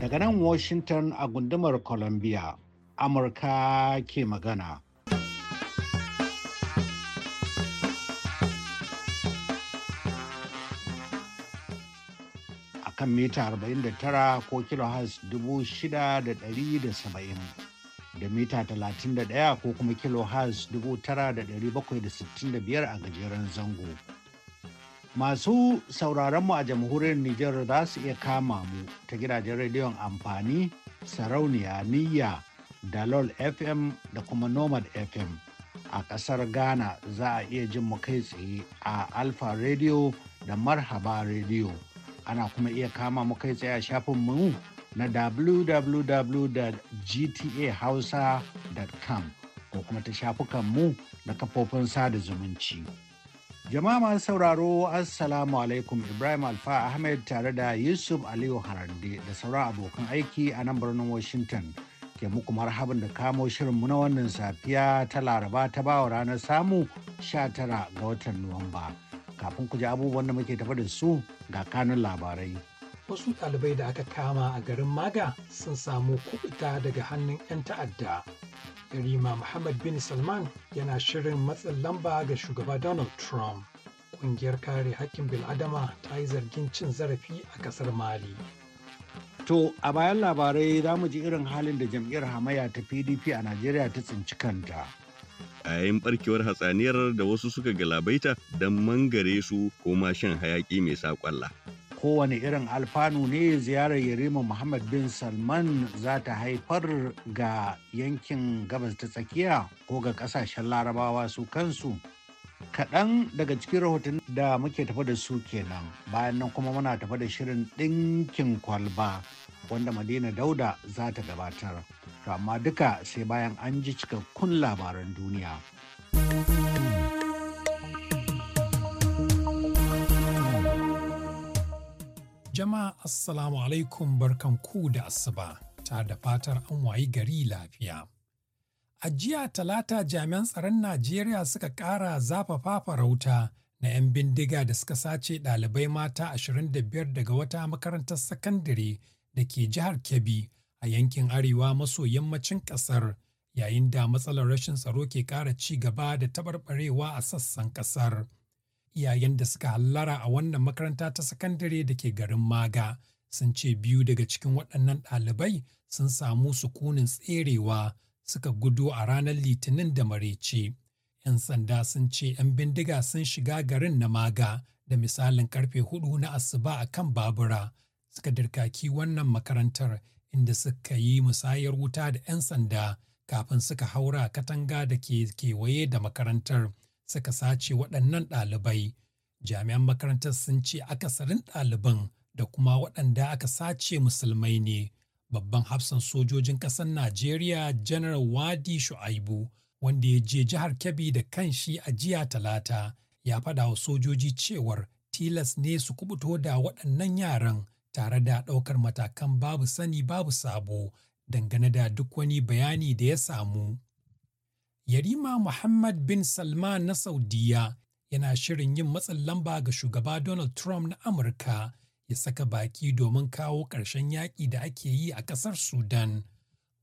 Daga nan Washington a gundumar Columbia, Amurka ke magana. A kan mita 49 ko kilohertz 6,170 da mita 31 ko kuma kilohertz 9,765 a gajeren zango. Masu sauraron mu a jamhuriyar Nijar za su iya kama mu ta gidajen rediyon amfani, sarauniya, niyya, dalol FM da kuma nomad FM. A ƙasar Ghana za a iya jin mu kai tsaye a Alfa Radio da Marhaba Radio. Ana kuma iya kama mu kai tsaye a shafin mu na www.gtahausa.com ko kuma ta shafukan mu da kafofin sada zumunci. Jama'a masu sauraro Assalamu alaikum Ibrahim Alfa Ahmed tare da Yusuf Aliyu Harande da sauran abokan aiki a nan birnin Washington ke muku marhaban da kamo shirinmu na wannan safiya ta Laraba ta bawa ranar samu 19 ga watan Nuwamba. Kafin ku ji abubuwan da muke tafa da su ga kanun labarai. wasu ɗalibai da aka kama a garin Maga sun samu kubuta daga hannun 'yan ta'adda. Yarima Muhammad bin Salman yana shirin matsin lamba ga shugaba Donald Trump. Ƙungiyar kare hakkin bil'adama ta yi zargin cin zarafi a ƙasar Mali. To, a bayan labarai za mu ji irin halin da jam'iyyar hamaya ta PDP a Najeriya ta tsinci kanta. a yayin barkewar hatsaniyar da wasu suka galabaita don mangare su ko ma shan hayaƙi mai saƙwalla. kowane irin alfanu ne ziyarar yarima muhammad bin salman za ta haifar ga yankin gabas ta tsakiya ko ga kasashen larabawa su kansu kaɗan daga cikin rahoton da muke tafa da su kenan bayan nan kuma muna tafa da shirin ɗinkin kwalba wanda madina dauda za ta gabatar to amma duka sai bayan an ji cikakkun labaran duniya. Jama'a Assalamu alaikum barkan ku da asuba ta da fatar an wayi gari lafiya. A jiya talata jami'an tsaron Najeriya suka ƙara zafafa farauta na 'yan bindiga da suka sace ɗalibai mata 25 daga wata makarantar sakandare da ke jihar Kebbi a yankin arewa maso yammacin ƙasar yayin da matsalar rashin tsaro ke ƙara ci gaba da taɓarɓarewa a sassan ƙasar. iyayen da suka hallara a wannan makaranta ta sakandare da ke garin maga sun ce biyu daga cikin waɗannan ɗalibai sun samu sukunin tserewa suka gudu a ranar litinin da marece 'yan sanda sun ce 'yan bindiga sun shiga garin na maga da misalin karfe hudu na asuba a kan babura suka dirkaki wannan makarantar inda suka yi musayar wuta da 'yan sanda kafin suka haura katanga da ke kewaye da makarantar suka sace waɗannan ɗalibai. Jami'an makarantar sun ce akasarin ɗaliban da kuma waɗanda aka sace musulmai ne. Babban hafsan sojojin ƙasar Najeriya General Wadi Shu'aibu wanda ya je jihar Kebbi da kanshi a jiya talata ya faɗa wa sojoji cewar tilas ne su kubuto da waɗannan yaran tare da ɗaukar matakan babu sani babu sabo dangane da duk wani bayani da ya samu. Yarima Muhammad bin Salman na Saudiya yana shirin yin matsin lamba ga shugaba Donald Trump na Amurka ya saka baki domin kawo ƙarshen yaƙi da ake yi a ƙasar Sudan.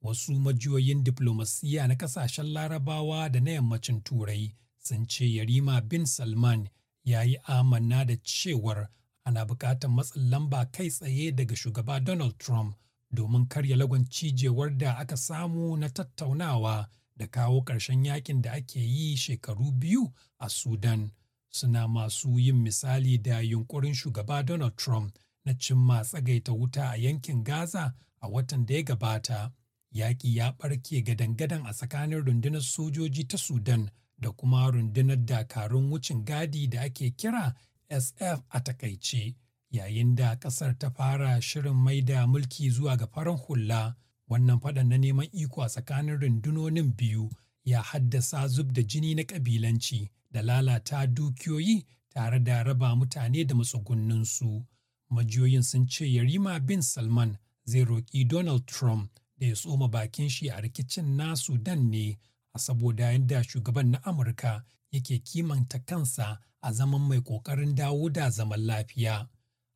Wasu majiyoyin diplomasiyya na ƙasashen Larabawa da na yammacin Turai sun ce Yarima bin Salman ya yi amanna da cewar ana buƙatar matsin lamba kai tsaye daga shugaba Donald Trump domin karya lagon cijewar da aka samu na tattaunawa da kawo ƙarshen yakin da ake yi shekaru biyu a Sudan. Suna masu yin misali da yunkurin shugaba Donald Trump na cimma tsagaita wuta a yankin Gaza a watan da ya gabata. Yaƙi ya ɓarke gadan-gadan a tsakanin rundunar sojoji ta Sudan da kuma rundunar dakarun wucin gadi da ake kira SF a takaice, yayin da ƙasar ta fara shirin maida mulki zuwa ga farin hula. wannan faɗan na neman iko a tsakanin rundunonin biyu ya haddasa zub da jini na ƙabilanci da lalata dukiyoyi tare da raba mutane da matsugunninsu. Majiyoyin sun ce Yarima bin Salman zai roƙi Donald Trump da ya tsoma bakin shi a rikicin na Sudan ne a saboda yadda shugaban na Amurka yake kimanta kansa a zaman mai ƙoƙarin dawo da zaman lafiya.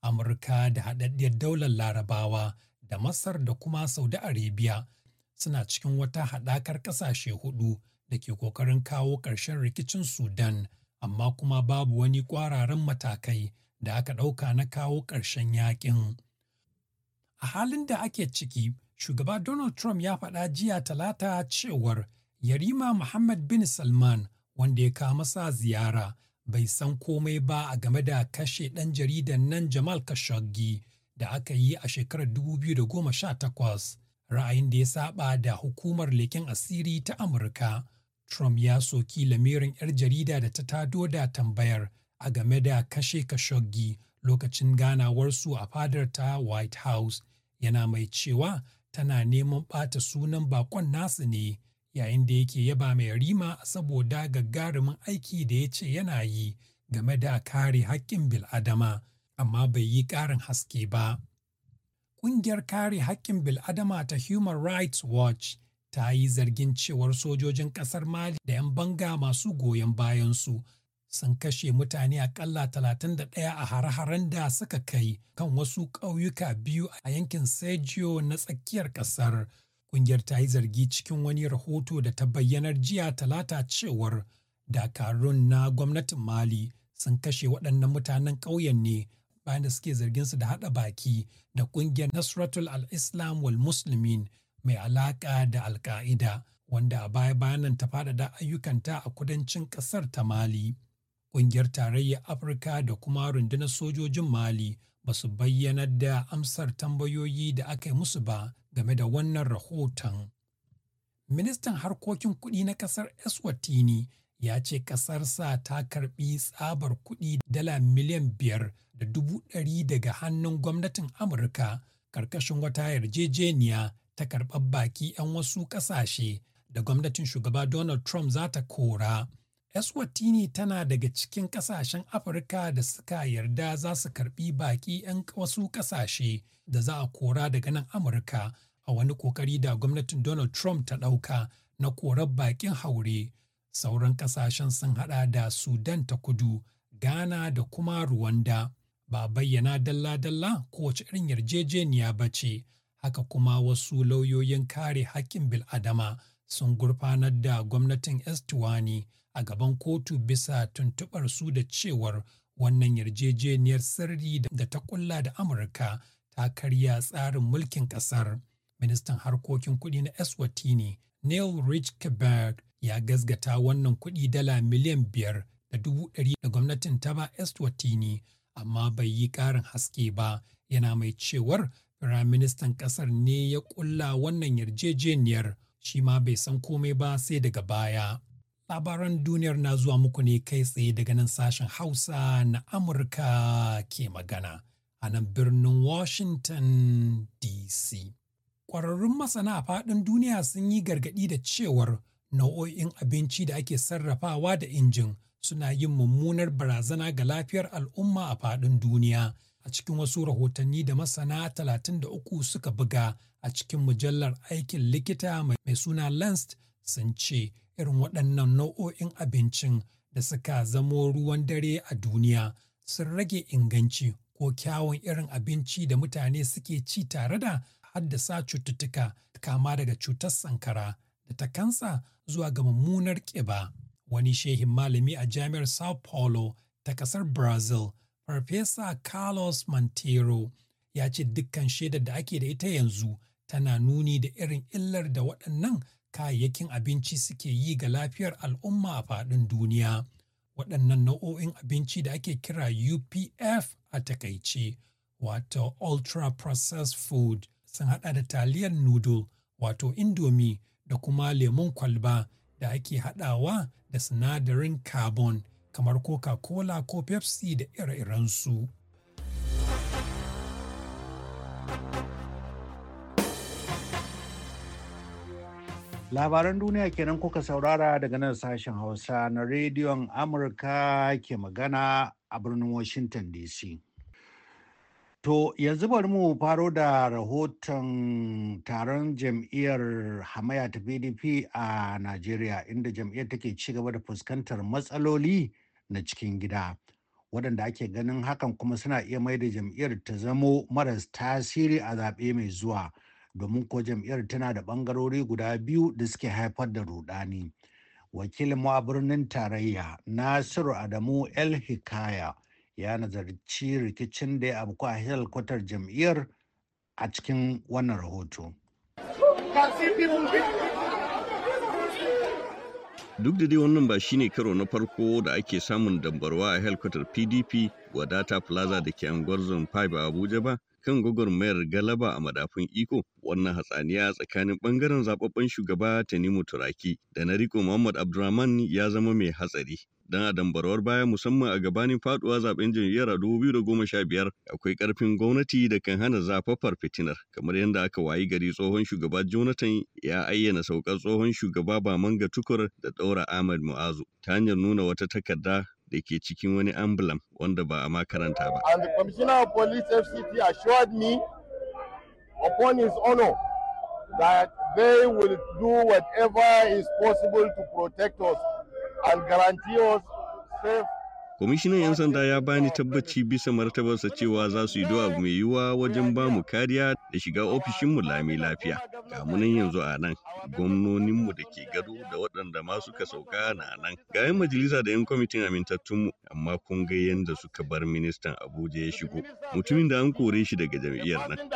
Amurka da haɗaɗɗiyar daular larabawa da Masar da kuma Saudi Arabia suna cikin wata haɗakar ƙasashe hudu da ke ƙoƙarin kawo ƙarshen rikicin Sudan, amma kuma babu wani ƙwararan matakai da aka ɗauka na kawo ƙarshen yaƙin. A halin da ake ciki, shugaba Donald Trump ya faɗa jiya talata cewar Yarima Muhammad bin Salman wanda ya kawo masa ziyara bai san komai ba a game da kashe ɗan jaridan nan Jamal Khashoggi da aka yi a shekarar 2018 ra'ayin da ya saba da hukumar leken asiri ta amurka trump ya soki lamirin 'yar jarida da ta tado da tambayar a game da kashe kashoggi lokacin ganawarsu a fadar ta white house yana mai cewa tana neman bata sunan bakon nasu ne yayin da yake yaba mai rima saboda gagarumin aiki da ya ce yana yi game da kare haƙƙin bil'adama amma bai yi ƙarin haske ba. Ƙungiyar kare haƙƙin bil'adama ta Human Rights Watch ta yi zargin cewar sojojin ƙasar Mali da 'yan banga masu goyon bayansu sun kashe mutane aƙalla 31 a hare-haren da suka kai kan wasu ƙauyuka biyu a yankin Sergio na tsakiyar ƙasar. Ƙungiyar ta yi zargi cikin wani rahoto da ta bayyanar jiya talata cewar dakarun na gwamnatin Mali sun kashe waɗannan mutanen ƙauyen ne bayan da suke zargin su da hada baki da kungiyar Nasratul al-Islam wal Muslimin mai alaka da al wanda a baya bayanan ta faɗaɗa ayyukanta a kudancin ƙasar ta Mali. Kungiyar tarayyar Afirka da kuma rundunar sojojin Mali ba su bayyanar da amsar tambayoyi da aka yi musu ba game da wannan rahoton. Ministan harkokin kuɗi na ƙasar Eswatini ya ce ƙasarsa ta karɓi tsabar kuɗi dala miliyan biyar da dubu ɗari daga hannun gwamnatin amurka ƙarƙashin wata yarjejeniya ta karɓar baki 'yan wasu ƙasashe da gwamnatin shugaba donald trump za ta kora eswatini tana daga cikin ƙasashen afirka da suka yarda za su karɓi baki 'yan wasu ƙasashe da za a kora daga nan amurka a wani ƙoƙari da gwamnatin donald trump ta ɗauka na korar bakin haure Sauran kasashen sun hada da Sudan ta kudu, Ghana da kuma Rwanda. Ba bayyana dalla-dalla kowace irin yarjejeniya ba ce, haka kuma wasu lauyoyin kare hakkin bil'adama sun gurfanar da gwamnatin estuani a gaban kotu bisa tuntuɓar su da cewar wannan yarjejeniyar sirri da ta kulla da Amurka ta karya tsarin mulkin ƙasar. Ministan harkokin Kudi na Eswatini, Neil Rich ya gazgata wannan kuɗi dala miliyan biyar da dubu ɗari da gwamnatin ta ba Eswatini amma bai yi ƙarin haske ba yana mai cewar firaministan ƙasar ne ya ƙulla wannan yarjejeniyar shi ma bai san komai ba sai daga baya. Labaran duniyar na zuwa muku ne kai tsaye daga nan sashen Hausa na Amurka ke magana a nan birnin Washington DC. Ƙwararrun masana a faɗin duniya sun yi gargaɗi da cewar nau'o'in abinci da ake sarrafawa da injin suna yin mummunar barazana ga lafiyar al'umma a faɗin duniya a cikin wasu rahotanni da masana 33 suka buga a cikin mujallar aikin likita mai suna lanced sun ce irin waɗannan nau'o'in abincin da suka zamo ruwan dare a duniya sun rage inganci ko kyawun irin abinci da mutane suke ci tare da haddasa cututtuka kama daga cutar sankara kansa zuwa ga mummunar ƙiba. Wani shehin malami a jami'ar Sao Paulo ta ƙasar Brazil, Farfesa Carlos Monteiro ya ce dukkan shaidar da ake da ita yanzu tana nuni da irin illar da waɗannan kayayyakin abinci suke yi ga lafiyar al'umma a faɗin duniya. Waɗannan nau'o'in abinci da ake kira UPF a takaice, wato Ultra Processed Food, sun haɗa da taliyar noodle, wato Indomie, da kuma lemon kwalba da ake haɗawa da sinadarin carbon kamar coca-cola ko pepsi da ire-irensu. labaran duniya kenan kuka saurara daga nan sashen hausa na rediyon amurka ke magana a birnin washington dc To yanzu bari mu faro da rahoton taron jam'iyyar hamayya ta PDP a Najeriya inda jam'iyyar take ci gaba da fuskantar matsaloli na cikin gida. Waɗanda ake ganin hakan kuma suna iya mai da jam'iyyar ta zamo maras tasiri a zaɓe mai zuwa domin ko jam'iyyar tana da ɓangarori guda biyu da suke haifar da rudani. Wakilin mu a birnin tarayya Nasiru Adamu El Hikaya. ya nazarci rikicin da ya abu a kwatar jam'iyyar a cikin wannan rahoto. duk da dai wannan ba shine karo na farko da ake samun dambarwa a helkwatar pdp wadata plaza da ke angwarzon zonfai abuja ba kan gwagwarmayar galaba a madafin iko wannan hatsaniya tsakanin bangaren zababben shugaba tanimu turaki da na riko muhammad Abdulrahman ya zama mai hatsari dan adam barwar baya musamman a gabanin faduwa zaben jam'iyyar a 2015 akwai karfin gwamnati da kan hana zafafar fitinar kamar yadda aka wayi gari tsohon shugaba jonathan ya ayyana saukar tsohon shugaba ba bamanga tukur da daura ahmad mu'azu ta hanyar nuna wata takarda da ke cikin wani ambulan wanda ba a makaranta ba. And the commissioner of police FCT assured me upon his honor that they will do whatever is possible to protect us Komishinan kwamishinan 'yan sanda ya bani tabbaci bisa martabarsa cewa za su yi abu mai yiwuwa wajen bamu kariya da shiga ofishinmu lami lafiya ga munan yanzu a nan gwamnoninmu da ke gado da waɗanda ma suka sauka na nan ga 'yan majalisa da 'yan kwamitin amintattunmu amma kun ga yadda suka bar ministan abuja ya shigo mutumin da an kore shi daga jam'iyyar nan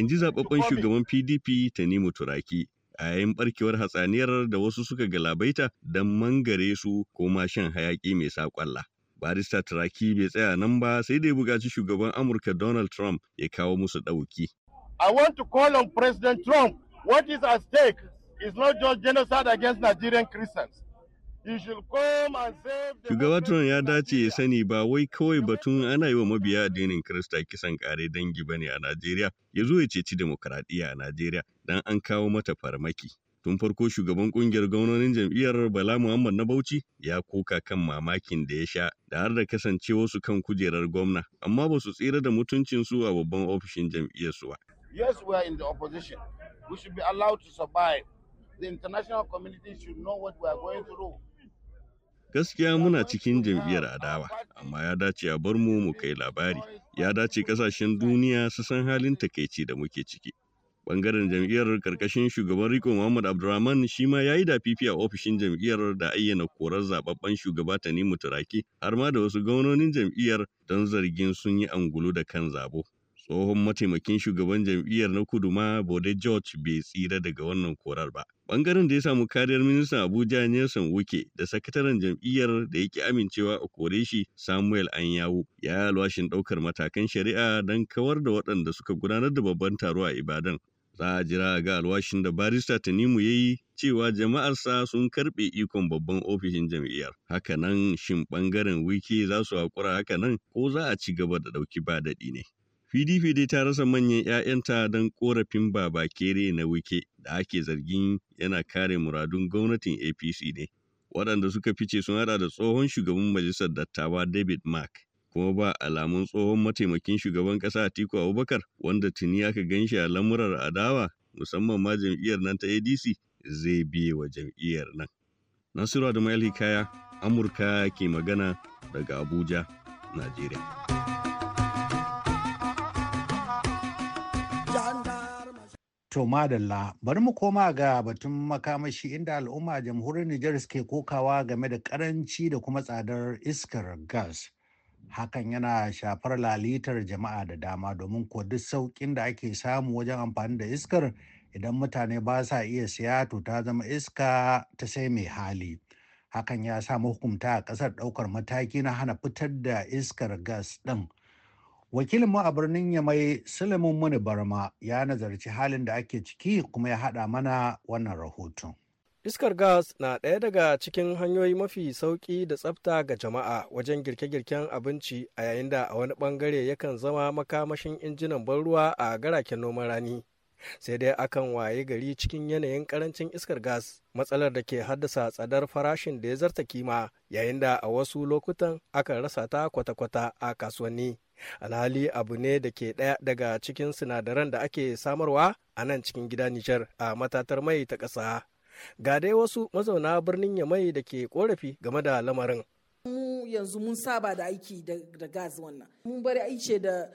In ji zaɓaɓɓen shugaban PDP Tanimu Turaki. a yayin barkewar hatsaniyar da wasu suka galabaita don mangare su ko ma shan hayaki mai saƙwalla. Barista Turaki bai tsaya nan ba sai dai buƙaci shugaban Amurka Donald Trump ya kawo musu ɗauki. I to call on President Trump. What is stake is not just genocide against Nigerian Christians. Shugaba Trump ya dace ya sani ba wai kawai batun ana yi wa mabiya addinin Kirista kisan kare dangi ba ne a Najeriya, ya zo ya ceci demokaradiyya a Najeriya don an kawo mata farmaki. Tun farko shugaban kungiyar gwamnonin jam'iyyar Bala Muhammad na Bauchi ya koka kan mamakin da ya sha da har da kasance wasu kan kujerar gwamna, amma ba su tsira da mutuncinsu a babban ofishin jam'iyyar su ba. Yes, we are in the opposition. We should be allowed to survive. The international community should know what we are going through. gaskiya muna cikin jam'iyyar adawa amma ya dace a bar mu mu kai labari ya dace kasashen duniya su san halin takaici da muke ciki bangaren jam'iyyar karkashin shugaban riko muhammad abdulrahman shi ma ya yi da a ofishin jam'iyyar da ayyana korar zababben shugaba tanimu turaki har ma da wasu gwamnonin jam'iyyar don zargin sun yi angulu da kan zabo tsohon mataimakin shugaban jam'iyyar na kudu ma bode george bai tsira daga wannan korar ba ɓangaren da ya samu kariyar ministan abuja nelson wuke da sakataren jam'iyyar da ya amincewa a kore shi samuel anyawu ya yi alwashin ɗaukar matakan shari'a don kawar da waɗanda suka gudanar da babban taro a ibadan za a jira ga alwashin da barista tanimu ya yi cewa jama'arsa sun karɓe ikon babban ofishin jam'iyyar hakanan shin ɓangaren Wike za su haƙura hakanan ko za a ci gaba da ɗauki ba daɗi ne PDP dai ta rasa manyan 'ya'yanta don korafin Babakere na Wike da ake zargin yana kare muradun gwamnatin APC ne. Waɗanda suka fice sun haɗa da tsohon shugaban majalisar dattawa David Mark, kuma ba alamun tsohon mataimakin shugaban ƙasa Atiku Abubakar wanda tuni aka gan shi a lamurar adawa musamman ma jam'iyyar nan ta ADC zai biye wa jam'iyyar nan. Nasiru Adamu Hikaya, Amurka ke magana daga Abuja, Najeriya. To madalla bari mu koma ga batun makamashi inda al'umma jamhuriyar Nijar suke kokawa game da karanci da kuma tsadar iskar gas. Hakan yana shafar lalitar jama'a da dama domin ko duk sauƙin da ake samu wajen amfani da iskar idan mutane ba sa iya siya to ta zama iska ta sai mai hali. Hakan ya sa mahukumta a ƙasar ɗaukar mataki na hana fitar da iskar gas ɗin. Wakilinmu a birnin Yamai silimin Muni Barma ya nazarci halin da ake ciki kuma ya haɗa mana wannan rahoton. Iskar gas na ɗaya daga cikin hanyoyi mafi sauki da tsafta ga jama'a wajen girke-girken abinci a yayin da a wani ɓangare yakan zama makamashin injinan ban ruwa a garaken noman rani. Sai dai akan waye gari cikin yanayin ƙarancin iskar gas matsalar da ke haddasa tsadar farashin da ya zarta kima yayin da a wasu lokutan akan rasa ta kwata-kwata a kasuwanni. alhali abu ne da ke ɗaya daga cikin sinadaran da ake samarwa a nan cikin gida nijar a matatar mai ta ƙasa ga dai wasu mazauna birnin yamai da ke korafi game da lamarin mu yanzu mun saba da aiki da gas wannan mun bari aice da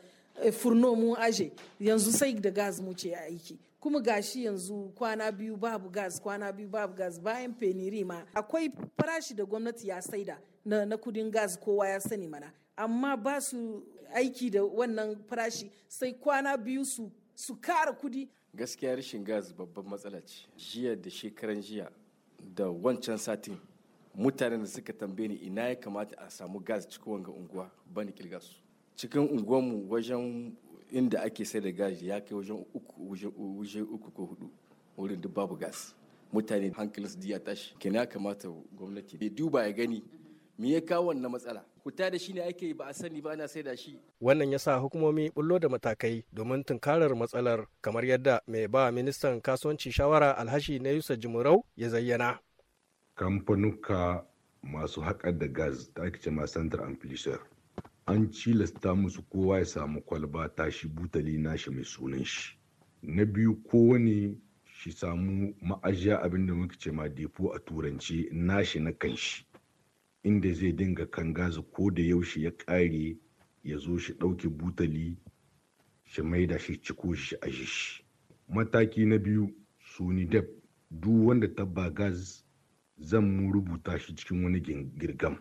eh, furno mun aje yanzu sai da gas mu ce aiki kuma gashi yanzu kwana biyu babu gas kwana biyu babu gas bayan feniri ma akwai farashi da gwamnati ya saida na, na kudin gas kowa ya sani mana amma ba su aiki da wannan farashi sai kwana biyu su su kara kudi gaskiya rashin gas babban matsala ce jiya da shekaran jiya da wancan satin mutanen da suka tambaye ni ina ya kamata a samu gas cikin wanga unguwa bani kilga cikin unguwanmu wajen inda ake sai da gas ya kai wajen uku uku ko hudu wurin duk babu gas mutane hankalinsu ya tashi kina kamata gwamnati ya duba ya gani me ya kawo wannan matsala kuta da shi ne ake ba a sani ba ana sai da shi wannan ya sa hukumomi bullo da matakai domin tunkarar matsalar kamar yadda mai ba ministan kasuwanci shawara alhashi na yusa jimurau ya zayyana kamfanuka masu haƙar da gas da ake cema Central Amplisher. an cilasta musu kowa ya samu kwalba tashi butali nashi mai sunan shi na biyu kowane shi samu ma'ajiya abinda da cema ce ma depo a turanci nashi na kanshi inda zai dinga kangaza ko da yaushe ya ƙare ya zo shi ɗauki butali shi da shi ciko shi a shi mataki na biyu suni dab duk wanda tabba gaz zan mu rubuta shi cikin wani girgam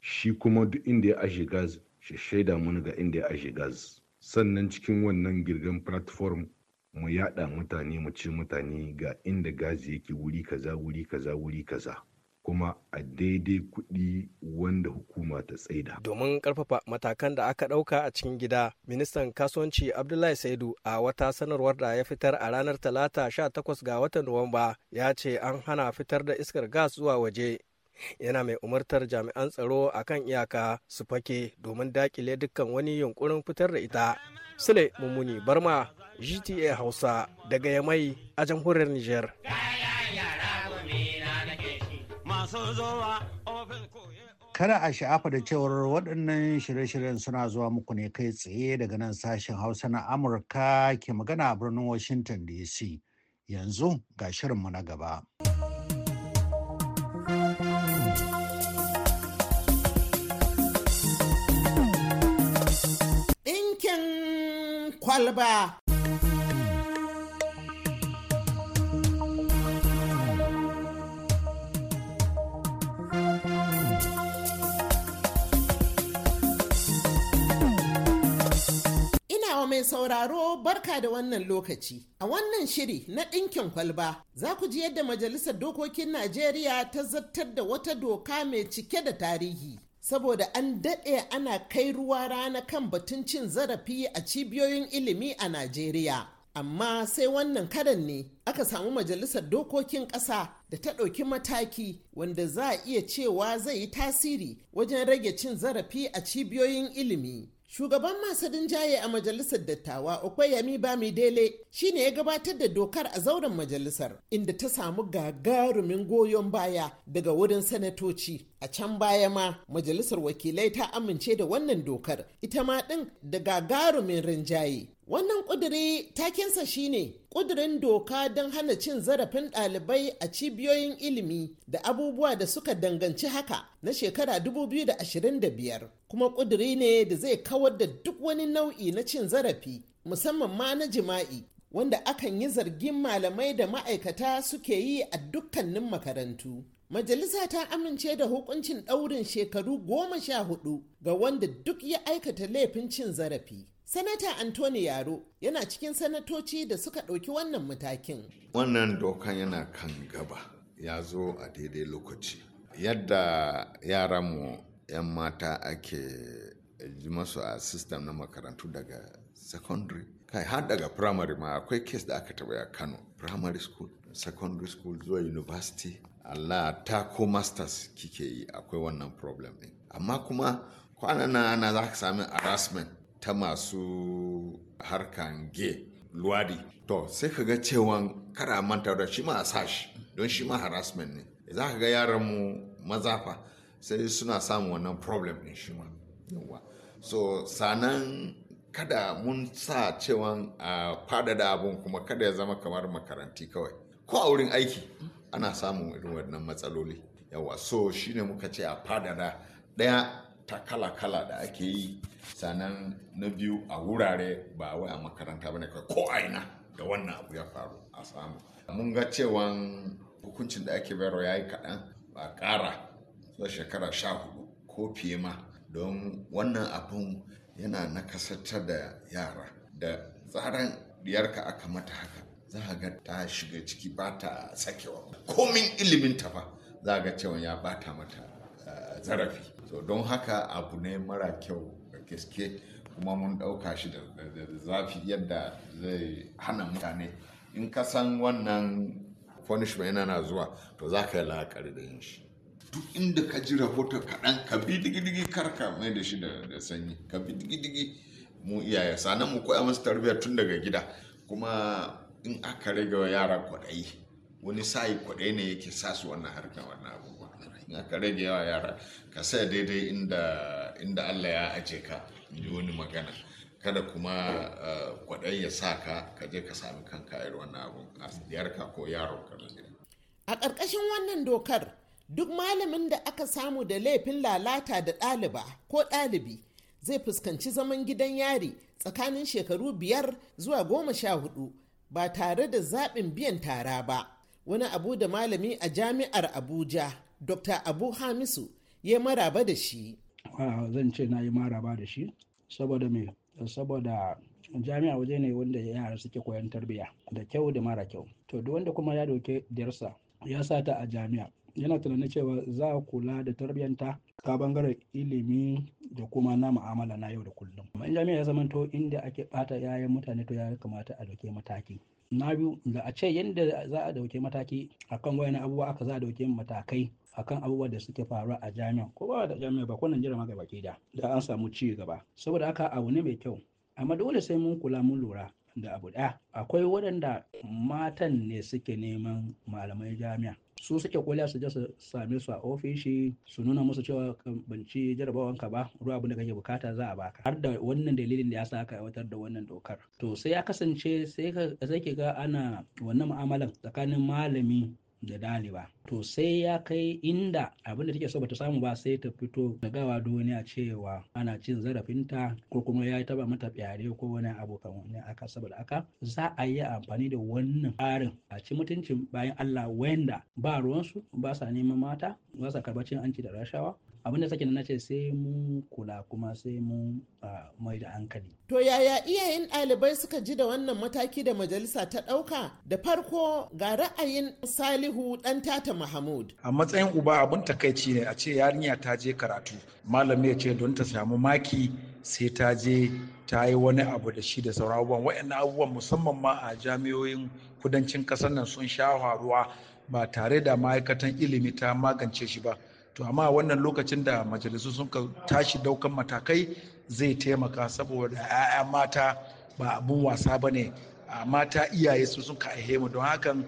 shi kuma duk inda ya ashe gas shi shaida mana ga inda ya ashe gaz. sannan cikin wannan girgan platform mu yada mutane mu ce mutane ga inda gas yake wuri kaza wuri kaza wuri kaza kuma a daidai kuɗi wanda hukuma ta tsaida. Domin ƙarfafa matakan da aka ɗauka a cikin gida, ministan kasuwanci Abdullahi Saidu a wata sanarwar da ya fitar a ranar Talata 18 ga watan Nuwamba ya ce an hana fitar da iskar gas zuwa waje. Yana mai umartar jami'an tsaro a kan iyaka su fake domin daƙile dukkan wani yunkurin fitar da ita. Sule Mummuni Barma, GTA Hausa daga Yamai a jamhuriyar Nijar. Kada a sha'afa da cewar waɗannan shirye-shiryen suna zuwa muku ne kai tsaye daga nan sashen Hausa na Amurka ke magana a birnin Washington DC. Yanzu ga shirinmu na gaba. Ɗinkin kwalba. sauraro barka da wannan lokaci. A wannan shiri na ɗinkin kwalba za ku ji yadda Majalisar Dokokin Najeriya ta zartar da wata doka mai cike da tarihi. Saboda an daɗe ana kai ruwa rana kan batun cin zarafi a cibiyoyin ilimi a Najeriya. Amma sai wannan karan ne aka samu Majalisar Dokokin Ƙasa da ta ɗauki mataki wanda za a iya cewa zai yi tasiri wajen rage cin zarafi a cibiyoyin ilimi. Shugaban masu rinjaye a majalisar dattawa Okoyemi Bamidele shi ne ya gabatar da dokar a zauren majalisar inda ta samu gagarumin goyon baya daga wurin sanatoci. A can baya ma majalisar wakilai ta amince da wannan dokar ita ma ɗin da gagarumin rinjaye. Wannan ƙuduri takensa shine ƙudirin doka don hana cin zarafin ɗalibai a cibiyoyin ilimi da abubuwa da suka danganci haka na shekara 2025 kuma ƙudiri ne da zai kawar da duk wani nau'i na cin zarafi musamman ma na jima'i wanda akan yi zargin malamai da ma'aikata suke yi a dukkanin makarantu. Majalisa ta amince da hukuncin ɗaurin shekaru goma sha hudu ga wanda duk ya aikata laifin cin zarafi. Sanata Antoni Yaro yana cikin sanatoci da suka ɗauki wannan matakin. Wannan dokan yana kan gaba ya zo a daidai lokaci. Yadda yaran mu 'yan mata ake ji masu a sistem na makarantu daga secondary kai har daga primary ma akwai kes da aka taɓa a Kano primary school secondary school zuwa university Allah ta ko masters kike yi akwai wannan problem ɗin amma kuma kwanan nan ana za ka sami harassment ta masu harkan ge luwadi to sai ka ga cewan kara manta da shi ma a sa don shi ma harassment ne za ka ga yaran mu maza sai suna samun wannan problem din shi ma yawa so sanan kada mun sa cewan a fadada abun kuma kada ya zama kamar makaranti kawai ko a wurin aiki ana samun irin wannan matsaloli yawa so shine muka ce a fadada daya ta kala-kala da ake yi sannan na biyu a wurare ba wai a makaranta ba ne ko aina da wannan abu ya faru a samu mun ga cewan hukuncin da ake bayarwa ya yi kaɗan ba ƙara zuwa shekara sha hudu ko fiye ma don wannan abun yana nakasatar da yara da tsaran diyarka aka mata haka za a ga ta shiga ciki ba ta sakewa komin ilimin ta ba za a ga cewa ya bata mata eh, zarafi so don haka abu ne mara kyau da gaske kuma mun ɗauka shi da zafi yadda zai hana mutane in ka san wannan punishment yana zuwa to za ka yi la'akari da yin shi duk inda ka ji rahoton kaɗan ka bi digi-digi karka mai da shi da sanyi ka bi digi-digi mu iyaye sanan mu koya masu tarbiyya tun daga gida kuma in aka rage wa yara kwaɗayi wani sa'i kwaɗayi ne yake sa su wannan harkar wannan abu ka rage yawa yara ka sa daidai inda inda Allah ya aje ka ji wani magana kada kuma eh, kwaɗayi ya sa ka ka je ka sami kanka irin wannan abu a ka ko yaro. ka a ƙarƙashin wannan dokar duk malamin da aka samu da laifin lalata da ɗaliba ko ɗalibi zai fuskanci zaman gidan yari tsakanin shekaru biyar zuwa goma sha hudu ba tare da zaɓin biyan tara ba wani abu da malami a jami'ar abuja dr abu hamisu ya maraba da shi ah, zan ce na yi maraba da shi saboda me saboda jami'a waje ne wanda yara suke koyon tarbiyya da kyau da mara kyau to duk wanda kuma ya doke diyarsa ya sa ta a jami'a yana tunanin cewa za a kula da tarbiyanta ta bangaren ilimi da kuma na mu'amala na yau da kullum in jami'a ya zamanto inda ake bata yayan mutane to ya kamata a doke mataki na biyu da a ce yadda za a dauke mataki akan wani abubuwa aka za a dauke matakai akan abubuwa da suke faruwa a jami'a ko ba da jami'a ba ko Najeriya ma baki da da an samu ci gaba saboda haka abu ne mai kyau amma dole sai mun kula mun lura da abu ɗaya akwai waɗanda matan ne suke neman malamai jami'a su suke koliya su je su same su a ofishi su nuna musu cewa banci jarabawan ka ba ruwa abin kake bukata za a baka har da wannan dalilin da ya sa aka aiwatar da wannan dokar to sai ya kasance sai ke ga ana wannan mu'amalan tsakanin malami da ɗaliba to sai ya kai inda abinda take so bata samu ba sai ta fito da gawa duniya cewa ana cin zarafinta ko kuma ya taba mata fyare ko wani abu wani aka saboda aka za a yi amfani da wannan tsarin a ci mutuncin bayan Allah wayanda. ba ruwansu ba sa neman mata ba sa karbacin anci da rashawa abin da sake na ce sai mun kula kuma sai mun mai da hankali. To yaya iyayen ɗalibai suka ji da wannan mataki da majalisa ta ɗauka da farko ga ra'ayin Salihu ɗan tata Mahmud. A matsayin uba abin takaici ne a ce yarinya ta je karatu malami ya ce don ta samu maki sai ta je ta yi wani abu da shi da sauran abubuwan waɗannan abubuwan musamman ma a jami'oyin kudancin ƙasar nan sun sha ruwa ba tare da ma'aikatan ilimi ta magance shi ba to amma wannan lokacin da majalisu sun tashi daukan matakai zai taimaka saboda 'ya'ya mata ba abun wasa ba ne mata iyaye su sun aihe mu don hakan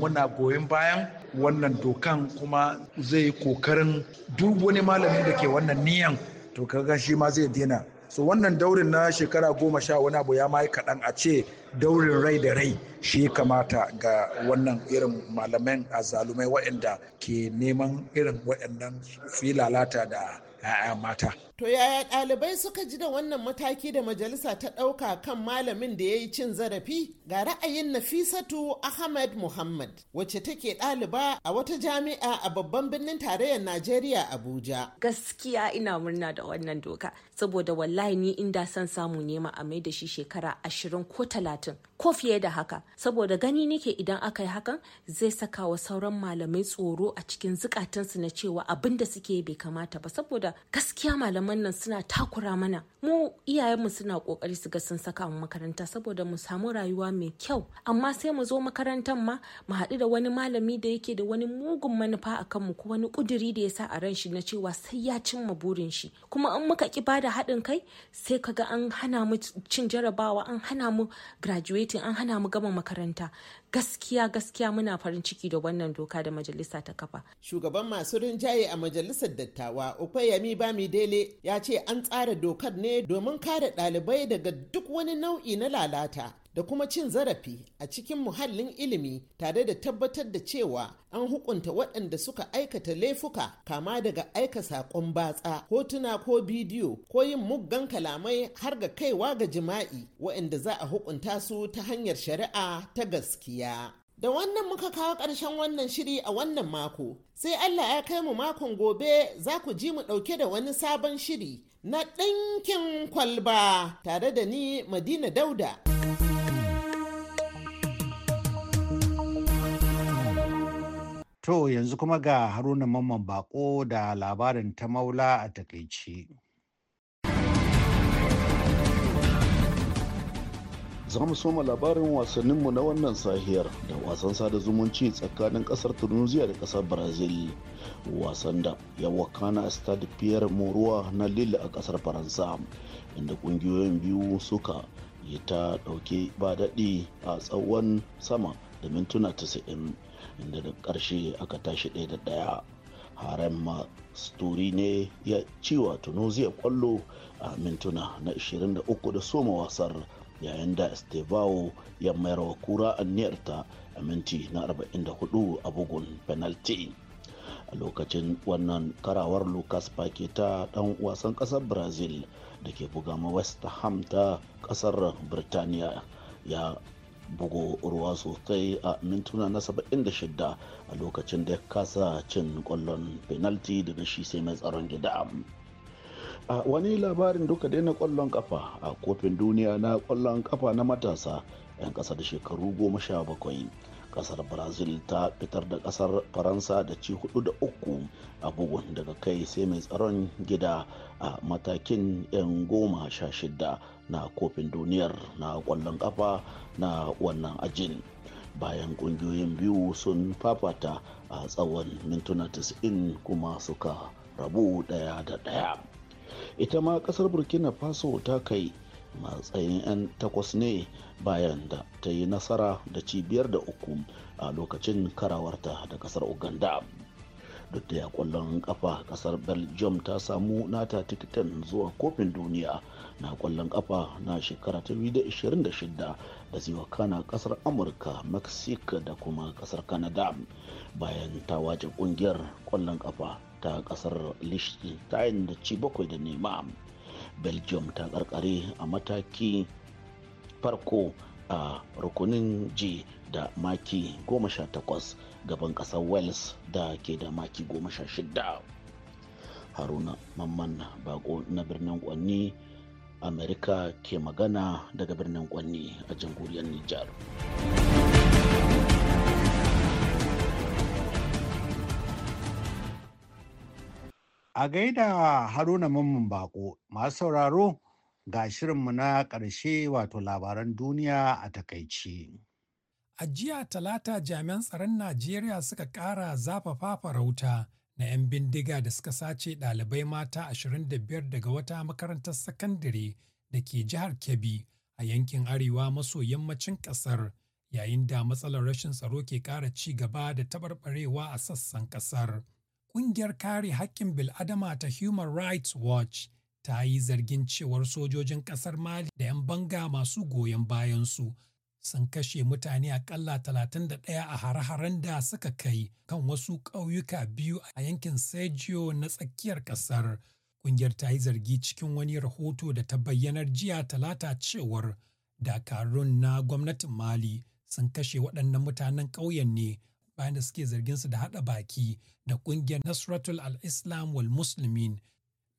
muna goyon bayan wannan dokan kuma zai kokarin duk wani malamin da ke wannan niyan to kaga shi ma zai daina so wannan daurin na shekara goma sha wani abu ya mai kaɗan a ce daurin rai da rai shi kamata ga wannan irin malaman azalumai waɗanda ke neman irin waɗannan filalata da 'ya'ya mata To yaya ɗalibai suka ji da wannan mataki da majalisa ta ɗauka kan malamin da ya yi cin zarafi? Ga ra'ayin Nafisatu Ahmad Muhammad, wacce take ɗaliba a wata jami'a a babban birnin tarayyar Najeriya Abuja. Gaskiya ina murna da wannan doka, saboda wallahi ni inda son samu nema a mai da shi shekara ashirin ko talatin ko fiye da haka, saboda gani nake idan aka yi hakan zai saka wa sauran malamai tsoro a cikin zukatansu na cewa abin da suke bai kamata ba, saboda gaskiya malamai malaman nan suna takura mana mu iyayenmu suna kokari su ga sun saka mu makaranta saboda mu samu rayuwa mai kyau amma sai mu zo makarantar ma mu haɗu da wani malami da yake da wani mugun manufa a kanmu ko wani ƙudiri da ya sa a ran shi na cewa sai ya cimma burin shi kuma an muka ki bada haɗin kai sai kaga an hana mu cin jarabawa an hana mu graduating an hana mu gama makaranta gaskiya gaskiya muna farin ciki da wannan doka da majalisa ta kafa shugaban masu rinjaye a majalisar dattawa Bami Bamidele ya ce an tsara dokar ne domin kare ɗalibai daga duk wani nau'i na lalata da kuma cin zarafi a cikin muhallin ilimi tare da tabbatar da cewa an hukunta waɗanda suka aikata laifuka kama daga aika saƙon batsa hotuna ko bidiyo ko yin muggan kalamai har ga kaiwa ga jima'i waɗanda za a hukunta su ta hanyar shari'a ta gaskiya. Da wannan muka kawo ƙarshen wannan shiri a wannan mako, sai Allah ya kai mu makon gobe za ku ji mu ɗauke da wani sabon shiri na ɗinkin kwalba tare da ni Madina Dauda. To yanzu kuma ga Haruna Mamman Bako da labarin ta maula a takaici. za mu soma labarin wasanninmu na wannan sahiyar da wasan sada zumunci tsakanin kasar tunisia da kasar brazil wasan da ya wakana a stade pierre moruwa na lille a kasar faransa inda ƙungiyoyin biyu suka yi ta dauke ba daɗi a tsawon sama da mintuna 90 inda da ƙarshe aka tashi ɗaya da ɗaya ma sturi ne ya ciwa tunisia kwallo a mintuna na 23 da soma wasar yayin da estevao ya mayar wa kura aniyarta a minti na 44 a bugun penalti a lokacin wannan karawar lucas ta dan wasan kasar brazil da ke buga ma west ham ta kasar birtaniya ya bugu ruwa sosai a mintuna na 76 a lokacin da ya kasa cin kwallon penalty daga shi sai mai tsaron gida a wani labarin duka daina kwallon kafa a kofin duniya na kwallon kafa na matasa 'yan kasa da shekaru goma sha bakwai kasar brazil ta fitar da kasar faransa da ci hudu da uku a bugun daga kai sai mai tsaron gida a matakin 'yan goma sha shida na kofin duniyar na kwallon kafa na wannan ajin bayan kungiyoyin biyu sun fafata a tsawon mintuna 90 kuma suka rabu daya da daya ita ma kasar burkina faso ta kai matsayin 'yan takwas ne bayan da ta yi nasara da cibiyar da uku a lokacin karawarta da kasar uganda duk da kwallon kafa kasar belgium ta samu nata tikitin zuwa kofin duniya na kwallon kafa na shekara ta 2026 da kana kasar amurka mexico da kuma kasar canada bayan ta wace kungiyar kwallon kafa ta kasar liechtenstein da ci bakwai da nema belgium ta karkare a mataki farko a rukunin ji da maki 18 gaban ƙasar wales da ke da maki goma sha shida haruna mamman bako na birnin kwanni amerika ke magana daga birnin kwanni a jamhuriyar nijar a gaida haruna mamman bako masu sauraro ga shirinmu na ƙarshe wato labaran duniya a takaici. A jiya talata jami'an tsaron Najeriya suka ƙara zafafa farauta na 'yan bindiga da suka sace ɗalibai mata 25 daga wata makarantar sakandare da ke jihar Kebbi a yankin arewa maso yammacin ƙasar yayin da matsalar rashin tsaro ke ƙara ci gaba da taɓarɓarewa a sassan ƙasar. Ƙungiyar kare haƙƙin bil'adama ta Human Rights Watch ta yi zargin cewar sojojin ƙasar Mali da 'yan banga masu goyon bayansu sun kashe mutane akalla ɗaya a hare-haren da suka kai kan wasu ƙauyuka biyu a yankin Sergio na tsakiyar ƙasar. Ƙungiyar ta yi zargi cikin wani rahoto da ta bayyanar jiya talata cewar dakarun na gwamnatin Mali sun kashe waɗannan mutanen ƙauyen ne bayan da suke zargin su da haɗa baki da ƙungiyar Nasratul al-Islam wal musulmin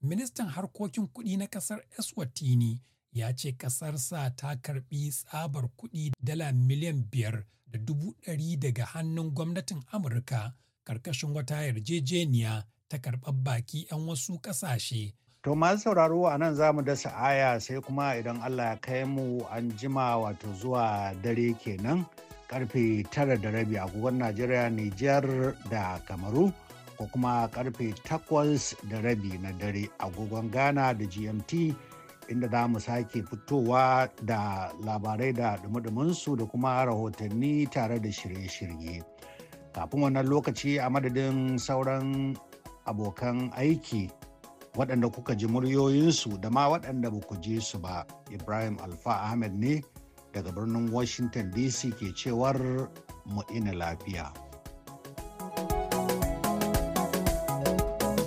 Ministan harkokin kuɗi na ƙasar Eswatini ya ce ƙasarsa ta karɓi tsabar kuɗi dala miliyan biyar da dubu ɗari daga hannun gwamnatin amurka ƙarƙashin wata yarjejeniya ta karɓar baki 'yan wasu ƙasashe To masu sauraro a nan za mu dasa aya sai kuma idan Allah ya kai mu an jima wato zuwa dare kenan karfe tara da rabi agogon Najeriya, Nijar da Kamaru ko kuma karfe takwas da rabi na dare agogon Ghana da GMT inda za mu sake fitowa da labarai da dumudumunsu da kuma rahotanni tare da shirye-shirye kafin wannan lokaci a madadin sauran abokan aiki waɗanda kuka ji muryoyinsu da ma waɗanda ba ku je su ba ibrahim alfa ahmed ne daga birnin washington dc ke cewar mu ina lafiya.